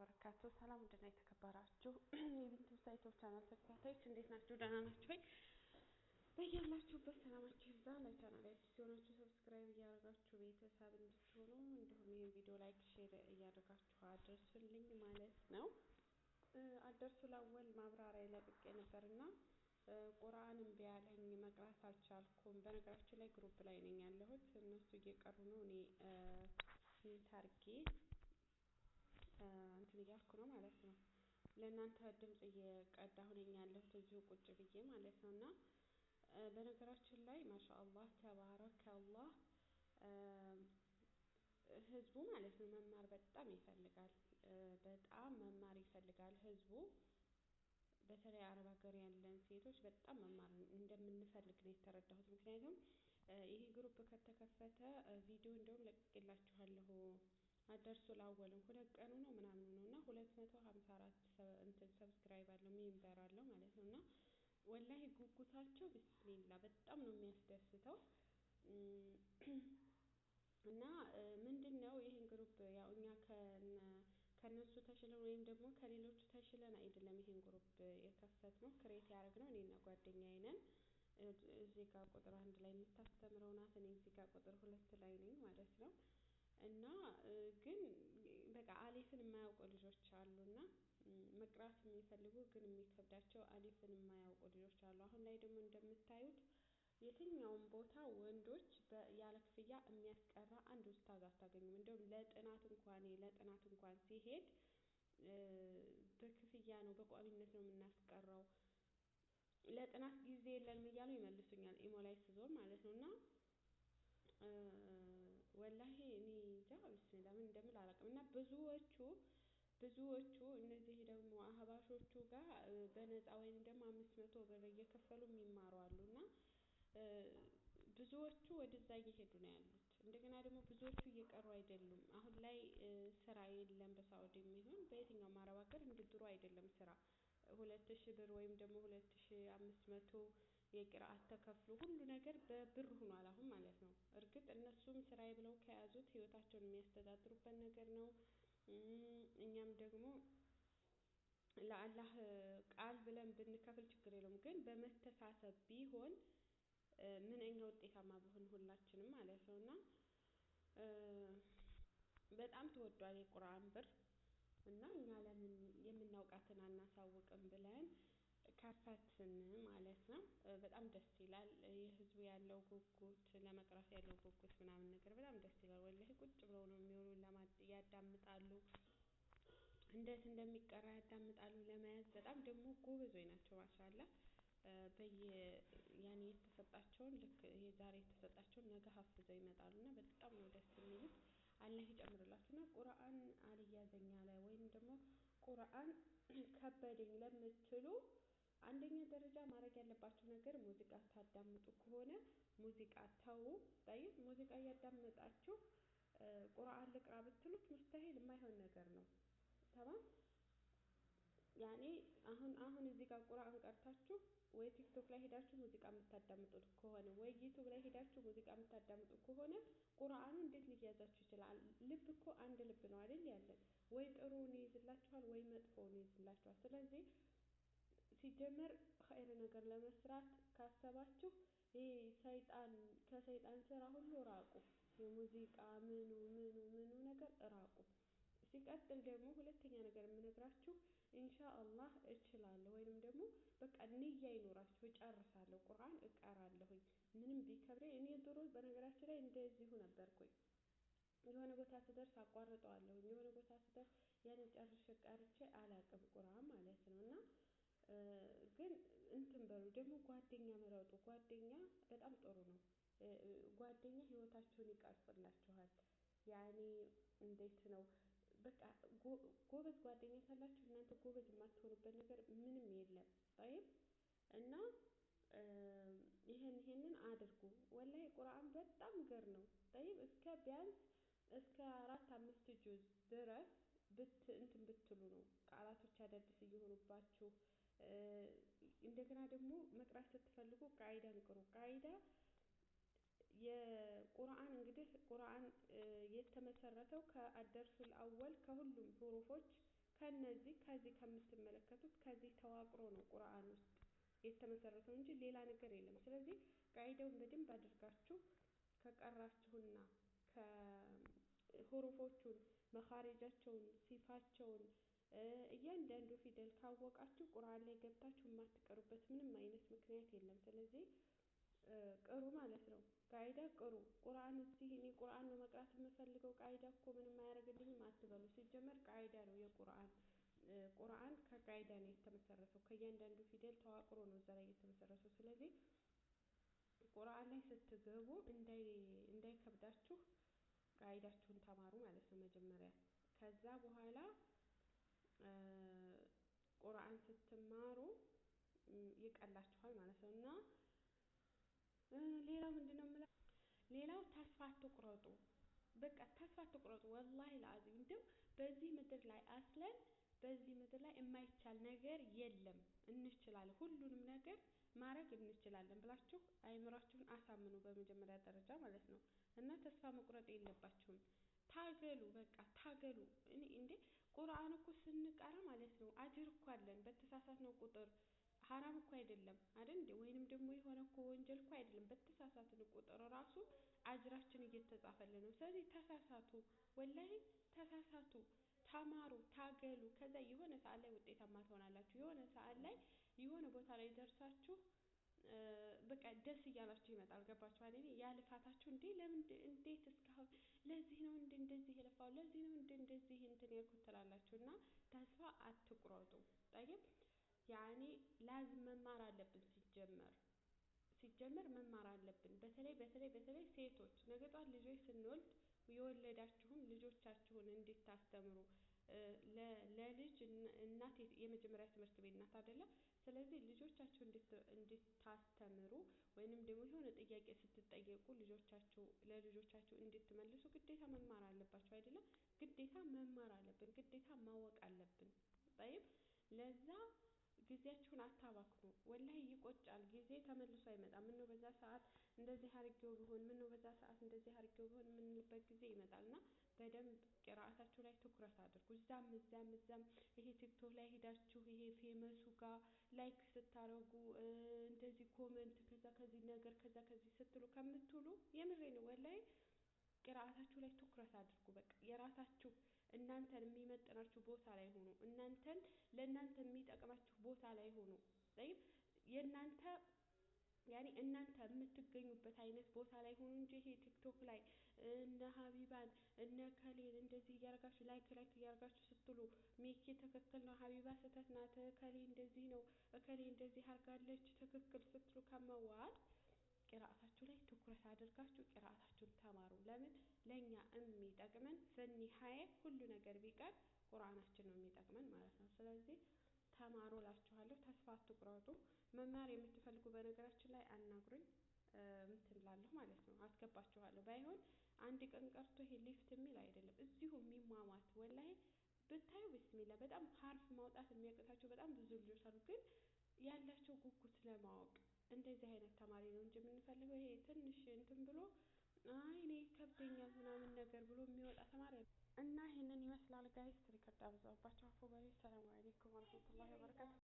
ወበረካቱ። ሰላም እንድና የተከበራችሁ የቢንቱ ሳይቶብ ቻናል ተከታታዮች እንዴት ናችሁ? ደህና ናችሁ ወይ? በያላችሁበት ሰላማችሁ ይብዛ። ለቻናል አዲስ የሆናችሁ ሰብስክራይብ እያደረጋችሁ ቤተሰብ እንድትሆኑ እንዲሁም ይህን ቪዲዮ ላይክ፣ ሼር እያደረጋችሁ አድርሱልኝ ማለት ነው። አደርሱ ላወል ማብራሪያ ለቅቄ ነበር እና ቁርአን እምቢ መቅራት አልቻልኩም። በነገራችን ላይ ግሩፕ ላይ ነኝ ያለሁት፣ እነሱ እየቀሩ ነው እኔ ታርጌ እንትን እያልኩ ነው ማለት ነው። ለእናንተ ድምጽ እየቀዳሁ ነኝ ያለሁት እዚሁ ቁጭ ብዬ ማለት ነው። እና በነገራችን ላይ ማሻአላህ ተባረከላህ ህዝቡ ማለት ነው መማር በጣም ይፈልጋል። በጣም መማር ይፈልጋል ህዝቡ በተለይ አረብ ሀገር ያለን ሴቶች በጣም መማር እንደምንፈልግ ነው የተረዳሁት። ምክንያቱም ይሄ ግሩፕ ከተከፈተ ቪዲዮ እንደውም ለቅቄላችኋለሁ አዳርሱል አወልን ሁለት ቀኑ ነው ምናምን ነው እና ሁለት መቶ ሀምሳ አራት እንትን ሰብስክራይብ አለው ሜምበር አለው ማለት ነው እና ወላሂ ጉጉታቸው ቢስሚላህ በጣም ነው የሚያስደስተው እና ምንድነው ይሄን ግሩፕ ያው እኛ ከነ ከነሱ ተሽለን ወይም ደግሞ ከሌሎቹ ተሽለን አይደለም ይህን ግሩፕ የከፈትነው ክሬት ያደረግነው እኔና ጓደኛዬ ነን እዚህ ጋር ቁጥር አንድ ላይ የምታስተምረው ናት እኔ እዚህ ጋር ቁጥር ሁለት ላይ ነኝ ማለት ነው እና ግን በቃ አሊፍን የማያውቁ ልጆች አሉ እና መቅራት የሚፈልጉ ግን የሚከብዳቸው አሊፍን የማያውቁ ልጆች አሉ። አሁን ላይ ደግሞ እንደምታዩት የትኛውም ቦታ ወንዶች ያለ ክፍያ የሚያስቀራ አንድ ኡስታዝ አታገኙም። እንደውም ለጥናት እንኳን ለጥናት እንኳን ሲሄድ በክፍያ ነው በቋሚነት ነው የምናስቀረው ለጥናት ጊዜ የለንም እያሉ ይመልሱኛል ኢሞ ላይ ስዞር ማለት ነው እና ወላሂ አይመስለኝ ለምን እንደምል አላውቅም። እና ብዙዎቹ ብዙዎቹ እነዚህ ደግሞ አህባሾቹ ጋር በነፃ ወይም ደግሞ አምስት መቶ ብር እየከፈሉ የሚማሩ አሉ እና ብዙዎቹ ወደዛ እየሄዱ ነው ያሉት። እንደገና ደግሞ ብዙዎቹ እየቀሩ አይደሉም አሁን ላይ ስራ የለም በሳኡዲም ይሁን በየትኛውም አረብ ሀገር እንደ አይደለም ስራ ሁለት ሺህ ብር ወይም ደግሞ ሁለት አምስት መቶ የቅርአት ተከፍሎ ሁሉ ነገር በብር ሆኗል አሁን ማለት ነው። እርግጥ እነሱም ስራዬ ብለው ከያዙት ህይወታቸውን የሚያስተዳድሩበት ነገር ነው። እኛም ደግሞ ለአላህ ቃል ብለን ብንከፍል ችግር የለውም። ግን በመተሳሰብ ቢሆን ምንኛ ውጤታማ ብንሆን ሁላችንም ማለት ነው። እና በጣም ተወዷል የቁርአን ብር እና እኛ ለምን የምናውቃትን አናሳውቅም ብለን ካፐትን ማለት ነው። በጣም ደስ ይላል የህዝቡ ያለው ጉጉት ለመቅረፍ ያለው ጉጉት ምናምን ነገር በጣም ደስ ይላል ወላሂ ቁጭ ብለው ነው የሚውሉ ያዳምጣሉ እንዴት እንደሚቀራ ያዳምጣሉ ለመያዝ በጣም ደግሞ ጎበዞች ናቸው ማሻአላህ በየ ያኔ የተሰጣቸውን ልክ የተሰጣቸውን ነገ ሀፍዘው ይመጣሉ እና በጣም ነው ደስ የሚሉት አላህ ይጨምርላችሁ እና ቁርአን አልያዘኝ አለ ወይም ደግሞ ቁርአን ከበደኝ ለምትሉ አንደኛ ደረጃ ማድረግ ያለባችሁ ነገር ሙዚቃ ታዳምጡ ከሆነ ሙዚቃ ተዉ ጠይብ ሙዚቃ እያዳመጣችሁ ቁርአን ልቅራ ብትሉት ሙስተሂል የማይሆን ነገር ነው ተማም ያኔ አሁን አሁን እዚህ ጋር ቁርአን ቀርታችሁ ወይ ቲክቶክ ላይ ሄዳችሁ ሙዚቃ የምታዳምጡት ከሆነ ወይ ዩቱብ ላይ ሄዳችሁ ሙዚቃ የምታዳምጡ ከሆነ ቁርአኑ እንዴት ሊያዛችሁ ይችላል? ልብ እኮ አንድ ልብ ነው አይደል ያለን? ወይ ጥሩውን ይይዝላችኋል ወይ ነው ይይዝላችኋል። ስለዚህ ሲጀመር ኸይር ነገር ለመስራት ካሰባችሁ ከሰይጣን ስራ ሁሉ ራቁ የሙዚቃ ምኑ ምኑ ምኑ ነገር ራቁ ሲቀጥል ደግሞ ሁለተኛ ነገር የምነግራችሁ ኢንሻአላህ እችላለሁ ወይንም ደግሞ በቃ ንያ ይኖራችሁ፣ እጨርሳለሁ ቁርአን እቀራለሁኝ ምንም ቢከብደኝ እኔ ድሮ በነገራችን ላይ እንደዚሁ ነበርኩኝ የሆነ ቦታ ስደርስ አቋርጠዋለሁኝ የሆነ ቦታ ስደርስ ያኔ ጨርሼ ቀርቼ አላቅም ቁርአን ማለት ነው እና ግን እንትን በሉ ደግሞ ጓደኛ ምረጡ። ጓደኛ በጣም ጥሩ ነው። ጓደኛ ህይወታችሁን ይቀርጽላችኋል። ያኔ እንዴት ነው በቃ ጎበዝ ጓደኛ ካላችሁ እናንተ ጎበዝ የማትሆኑበት ነገር ምንም የለም። ጠይብ እና ይሄን ይሄንን አድርጉ ወላሂ ቁርአን በጣም ገር ነው። ጠይብ እስከ ቢያንስ እስከ አራት አምስት ጁዝ ድረስ ብት እንትን ብትሉ ነው ቃላቶች አዳዲስ እየሆኑባችሁ እንደገና ደግሞ መቅራት ስትፈልጉ ቃይዳን ቅሩ። ቃይዳ የቁርአን እንግዲህ ቁርአን የተመሰረተው ከአደርሱል አወል ከሁሉም ሁሩፎች ከነዚህ ከዚህ ከምትመለከቱት ከዚህ ተዋቅሮ ነው ቁርአን ውስጥ የተመሰረተው እንጂ ሌላ ነገር የለም። ስለዚህ ቃይዳውን በደንብ አድርጋችሁ ከቀራችሁና ከሁሩፎቹን መኻሪጃቸውን ሲፋቸውን እያንዳንዱ ፊደል ካወቃችሁ ቁርአን ላይ ገብታችሁ የማትቀሩበት ምንም አይነት ምክንያት የለም። ስለዚህ ቅሩ ማለት ነው። ቃይዳ ቅሩ ቁርአን እዚህ እኔ ቁርአን ነው መቅራት የምፈልገው ቃይዳ እኮ ምንም አያደርግልኝም አትበሉ። ሲጀመር ቃይዳ ነው የቁርአን ቁርአን ከቃይዳ ነው የተመሰረተው ከእያንዳንዱ ፊደል ተዋቅሮ ነው እዛ ላይ የተመሰረተው። ስለዚህ ቁርአን ላይ ስትገቡ እንዳይከብዳችሁ ቃይዳችሁን ተማሩ ማለት ነው መጀመሪያ ከዛ በኋላ ቁርአን ስትማሩ ይቀላችኋል ማለት ነው። እና ሌላው ምንድን ነው የምለው፣ ሌላው ተስፋ አትቁረጡ። በቃ ተስፋ አትቁረጡ። ወላሂ ለአዚም እንደው በዚህ ምድር ላይ አስለን በዚህ ምድር ላይ የማይቻል ነገር የለም፣ እንችላለን፣ ሁሉንም ነገር ማድረግ እንችላለን ብላችሁ አይምሯችሁን አሳምኑ በመጀመሪያ ደረጃ ማለት ነው። እና ተስፋ መቁረጥ የለባችሁም። ታገሉ፣ በቃ ታገሉ። እኔ እንዴ ቁርአን እኮ ስንቀራ ማለት ነው አጅር እኮ አለን በተሳሳትነው ቁጥር ሀራም እኮ አይደለም አደል እንዴ ወይንም ደግሞ የሆነ እኮ ወንጀል እኮ አይደለም በተሳሳትን ቁጥር ራሱ አጅራችን እየተጻፈልን ነው ስለዚህ ተሳሳቱ ወላሂ ተሳሳቱ ተማሩ ታገሉ ከዛ የሆነ ሰአት ላይ ውጤታማ ትሆናላችሁ የሆነ ሰአት ላይ የሆነ ቦታ ላይ ደርሳችሁ በቃ ደስ እያላችሁ ይመጣል። ገባችሁ አይደል? ያ ልፋታችሁ እንዴ ለምን እንዴት እስካሁን ለዚህ ነው እንደ እንደዚህ የለፋው ለዚህ ነው እንደ እንደዚህ እንትን ያልኩት ትላላችሁ። እና ተስፋ አትቁረጡ። ጠይብ ያኔ ላዝም መማር አለብን ሲጀመር ሲጀመር መማር አለብን። በተለይ በተለይ በተለይ ሴቶች ነገ ልጆች ስንወልድ የወለዳችሁም ልጆቻችሁን እንድታስተምሩ ለልጅ እናት የመጀመሪያ ትምህርት ቤት ናት አይደለ ስለዚህ ልጆቻቸው እንድታስተምሩ ወይንም ደግሞ የሆነ ጥያቄ ስትጠየቁ ልጆቻችሁ ለልጆቻችሁ እንድትመልሱ ግዴታ መማር አለባችሁ አይደለም ግዴታ መማር አለብን ግዴታ ማወቅ አለብን ጠይብ ለዛ ጊዜያችሁን አታባክኑ ወላሂ ይቆጫል ጊዜ ተመልሶ አይመጣም ምነው በዛ ሰዓት እንደዚህ አርጌው ብሆን ምነው በዛ ሰዓት እንደዚህ አርጌው ቢሆን ምንልበት ጊዜ ይመጣል እና በደንብ ቅራአታችሁ ላይ ትኩረት አድርጉ። እዛም እዛም እዛም ይሄ ቲክቶክ ላይ ሄዳችሁ ይሄ ፌመሱ ጋር ላይክ ስታረጉ እንደዚህ ኮመንት ከዛ ከዚህ ነገር ከዛ ከዚህ ስትሉ ከምትውሉ የምሬን ወላይ ቅራአታችሁ ላይ ትኩረት አድርጉ። በቃ የራሳችሁ እናንተን የሚመጥናችሁ ቦታ ላይ ሁኑ። እናንተን ለእናንተ የሚጠቅማችሁ ቦታ ላይ ሁኑ። የእናንተ ያኔ እናንተ የምትገኙበት አይነት ቦታ ላይ ሁኑ እንጂ ይሄ ቲክቶክ ላይ እነ ሀቢባን እነ እከሌን እንደዚህ እያረጋችሁ ላይክ ላይክ እያረጋችሁ ስትሉ ሚኪ ትክክል ነው ሀቢባ ስህተት ናት እከሌ እንደዚህ ነው እከሌ እንደዚህ አርጋለች ትክክል ስትሉ ከመዋል ቂራአታችሁ ላይ ትኩረት አድርጋችሁ ቂራአታችሁን ተማሩ ለምን ለእኛ የሚጠቅመን ፍኒሀዬ ሁሉ ነገር ቢቀር ቁርአናችን ነው እሚጠቅመን ማለት ነው ስለዚህ ተማሩ እላችኋለሁ ተስፋ አትቁረጡ መማር የምትፈልጉ በነገራችን ላይ አናግሩኝ እንትን እላለሁ ማለት ነው አስገባችኋለሁ ባይሆን አንድ ቀን ቀርቶ ይሄ ሊፍት የሚል አይደለም እዚሁ እሚሟሟት ወላሂ ብታዪው ቢስሚላህ በጣም ሀርፍ ማውጣት እሚያቅታቸው በጣም ብዙ ልጆች አሉ ግን ያላቸው ጉጉት ለማወቅ እንደዚህ አይነት ተማሪ ነው እንጂ እምንፈልገው ይሄ ትንሽ እንትን ብሎ አይ እኔ ይከብደኛል ምናምን ነገር ብሎ እሚወጣ ተማሪ እና ይሄንን ይመስላል ጋይስ ሪከርድ አበዛሁባቸው አፉ በሉኝ ሰላሙ አለይኩም ወረሕመቱላሂ ወበረካቱሁ